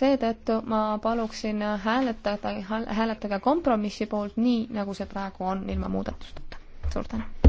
seetõttu ma paluksin hääletada, hääletage kompromissi poolt nii, nagu see praegu on, ilma muudatusteta. suur tänu!